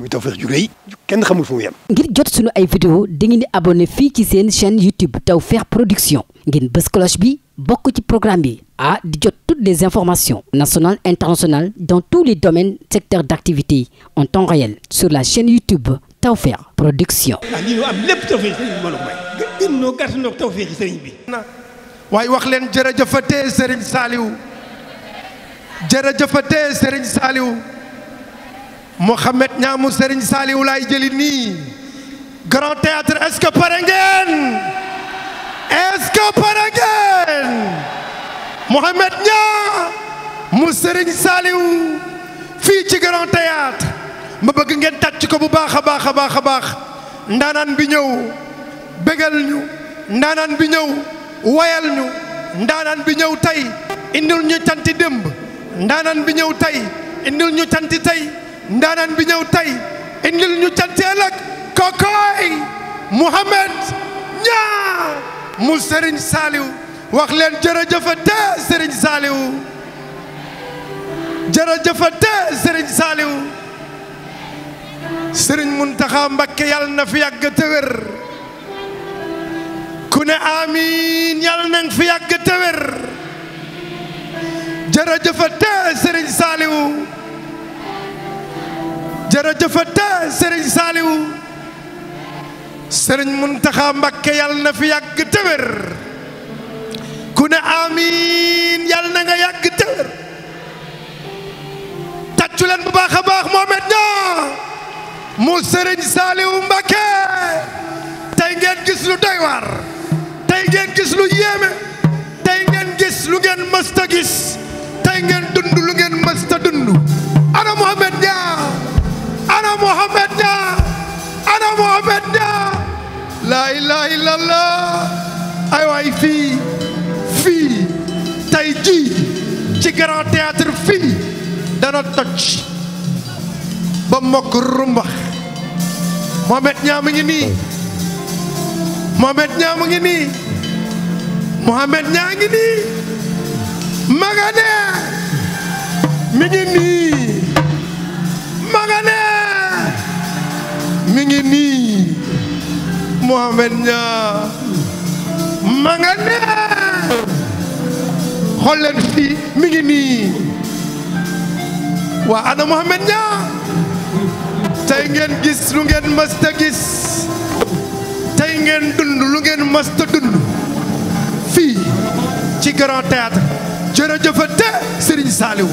muy Tawfekh ju rëy kenn xamul fu ngir jot sunu ay vidéo dangeen di abonné fii ci seen chaîne YouTube Tawfekh Production ngeen bës bi bokk ci programme bi ah di jot toutes les informations nationales internationales dans tous les domaines secteurs d'activité en temps réel sur la chaîne YouTube Tawfekh Production. Ah, la may. gën gën ñoo gàtt ñoo Tawfekh sëriñ bi. waaye wax leen jërëjëfatee Serigne Saliou jërëjëfatee Serigne Saliou. Mouhamed ñaamu Serigne Saliou laay jëli nii grand théâtre est-ce que pare ngeen est-ce pare ngeen Mouhamed ñaamu Serigne Saliou fii ci grand théâtre ma bëgg ngeen tàcc ko bu baax a baax a baax a baax ndaanaan bi ñëw bégal ñu ndaanaan bi ñëw wayal ñu ndaanaan bi ñëw tey indil ñu canti démb ndaanaan bi ñëw tey indil ñu canti tey ndaanaan bi ñëw tey indil ñu canteel ak kokoy Mouhamed ñaa mu Serigne Saliou wax leen jërëjëfate Serigne Saliou jërëjëfate Serigne Saliou Serigne Mountakha Mbacké yàlla na fi yàgg ku ne amiin yàlla na fi yàgg te wér jërëjëfate sëriñ saaliwu sëriñ muntaxa mbakke yàlla na fi yàgg téwér ku ne amiin yàlla na nga yàgg téwér tàccu leen bu baax a baax moomet mu sëriñ saaliwu mbakke tey ngeen gis lu doy waar tey gis lu yéeme tey ngeen gis lu ngeen mësta gis tey ngeen dund lu ngeen mësta dund ana moomet ñaa ana Mohamed Niang ana Mohamed Niang laa ilaaha ay waay fii fii tey jii ci grand théâtre fii dana toj ba mokk rumbax Mohamed Niang mi ngi nii Mohamed Niang mi ngi nii Mohamed Niang ngi nii ma nga ne mi ngi nii Mohamed Niang ma nga xool leen fii mi ngi nii waa ana Mohamed Niang tey ngeen gis lu ngeen mësta gis tey ngeen dund lu ngeen mësta dund fii ci grand théâtre jërëjëfate Serigne Saliou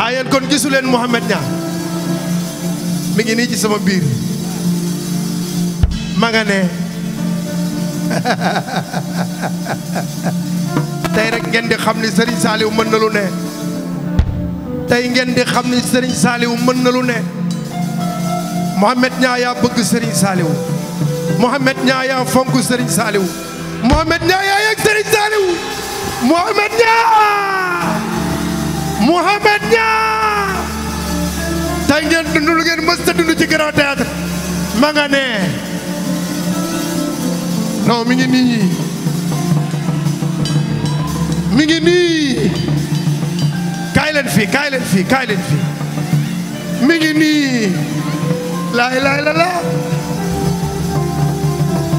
a yéen kon gisuleen Mohamed Niang mi ngi nii ci sama biir ma nga ne tey rek ngeen di xam ni Serigne Saliou mën na lu ne tey ngeen di xam ni Serigne Saliou mën na lu ne Mohamed Niang yaa bëgg Serigne Saliou Mohamed Niang yaa fonk Serigne Saliou Mohamed Niang yaa yegg Serigne Saliou Mohamed Niang tey ngeen dund ngeen mës a dund ci grand théâtre ma nga ne non mi ngi nii ngi nii kaay fii kaay fii kaay leen fii mi ngi la la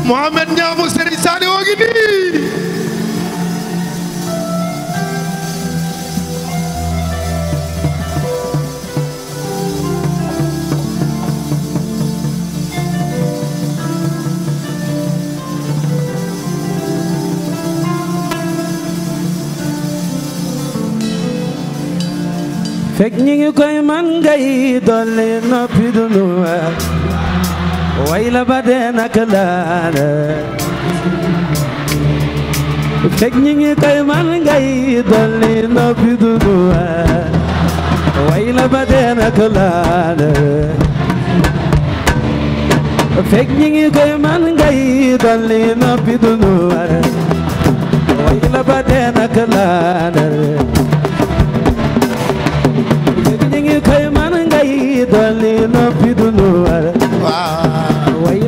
Mohamed Niang mu Serigne Saliou ngi nii fekk ñi ngi koy man ngay dolli noppi dunu way la ba ngi koy man la ba dee nak ngi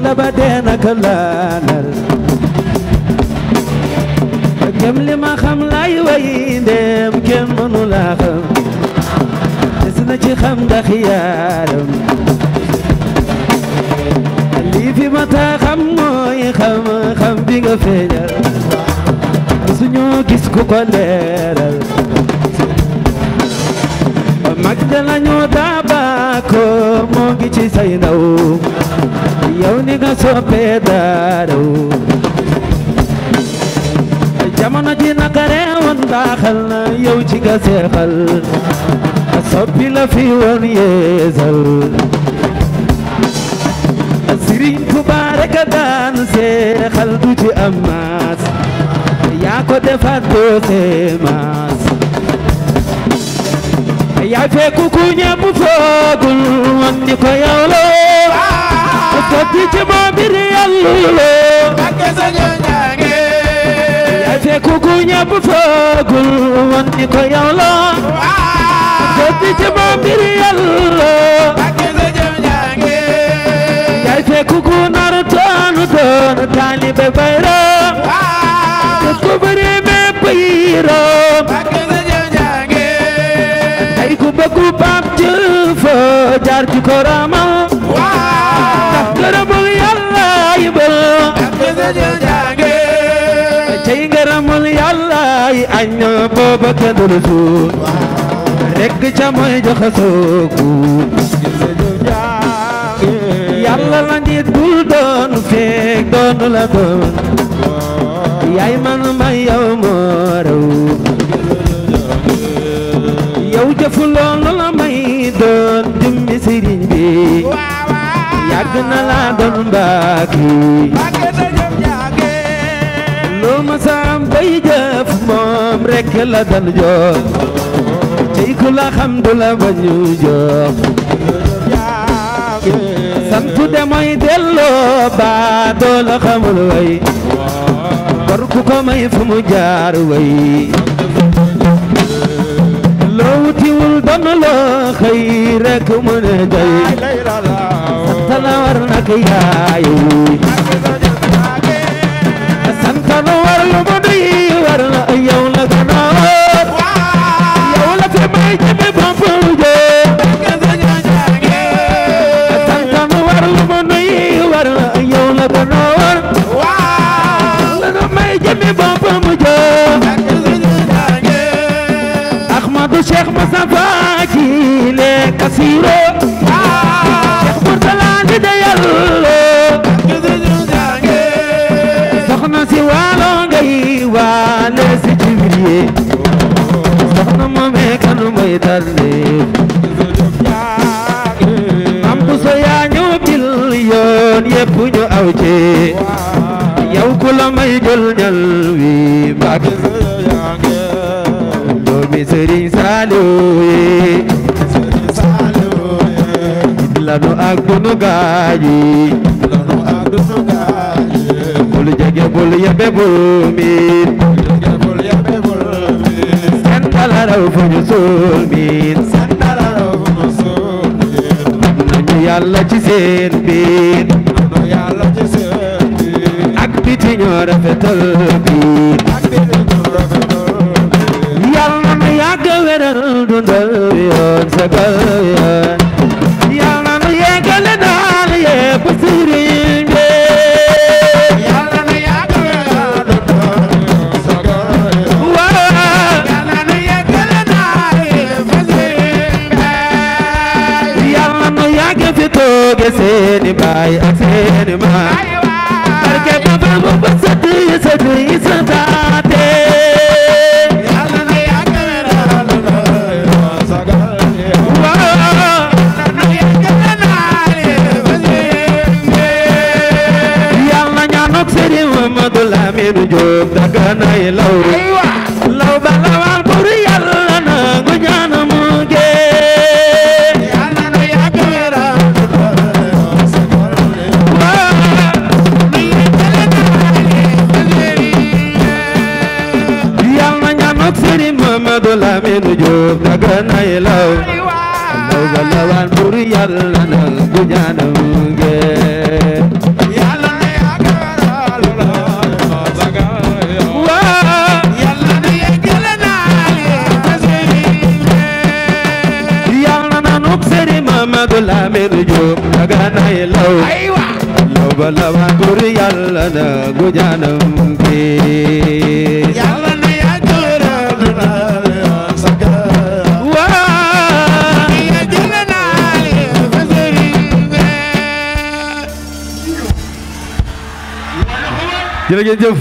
la ba dee naka laalal gëm li ma xam lay way ndeem kenn mënu laa xam des na ci xam nga xiyaaram lii ma taa mooy xam xam bi nga feeñal suñu gis ku ko mag da lañu daa ci say ndaw yawninga soppe daaro jamono ji nakare woon baaxal na yow ci ga seexal soppi la fi woon yeesal sëriñ Tuuba rek a daan seexal du ci am maas defaat doo maas yaa fekku ku ñëpp foogul woon ni ko yow la sotti ci moom bi di yàlla loo. Mbàkke sa ñoo ñaange. yaa fekk ku ñëpp foogul woon ni ko yow la. sotti ci moom bi di yàlla loo. Mbàkke sa ñoo ñaange. yaa fekk ku nar doon doon taalibe bayro. ku bëri mépp yiro. Mbàkke sa ñoo ñaange. ay ku bëgg baam ci fo jaar ci ko ramal. kenn du la suut rekk ca mooy jaxasoo guut yàlla la njiit bul doon feek doon la doon yaay man may yow moo raw yow jëfu loolu la may doon jummi sëriñ bi yàgg na laa doon mbaaki lu masaam bay jëf moom rekk la dal jox cey ku la xam du la bañu jox santu de mooy delloo baa doo la way kor ko may fu mu jaar way loo wutiwul doon loo xëy rekk mu ne day santa la war ci yow ku la may jël ñal wi Mbàkke doomi Sëriñ Saaliw yi lanu ak dunu gaaji bul jege bul yebe bul miin sen dala raw fu ñu suul miin nañu yàlla ci seen biin yàlla ci seen bi ak biti ñoo bi ak bi yàlla na yàgg wéral baay ak seeni maam barke ba ba mu ba sëdd yi sëdd yi sëddaate yàlla na yàgg na naa la la sagal yàlla ñaanuk Sëriñ Mamadu Lamin Jóob dagana yi law Lamine Diop Dagana ilaw law ga lawaan bur yàlla na ku jaana munge yàlla na yàggal la saga wa yàlla na yàggal na yàlla na nu sëriñ Mamadou Lamine Diop Dagana ilaw law ga lawaan bur yàlla na ku jaana munge jërëjëf.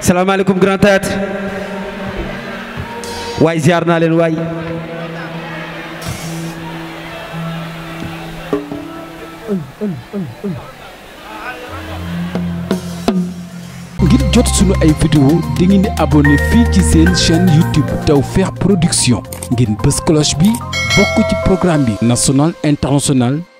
salaamaaleykum grand théâtre waay ziar naa leen waay jot suñu ay vidéo da ngeen di abonné fii ci seen chaîne YouTube Tawfekh Production ngeen bës cloche bi bokk ci programme bi national international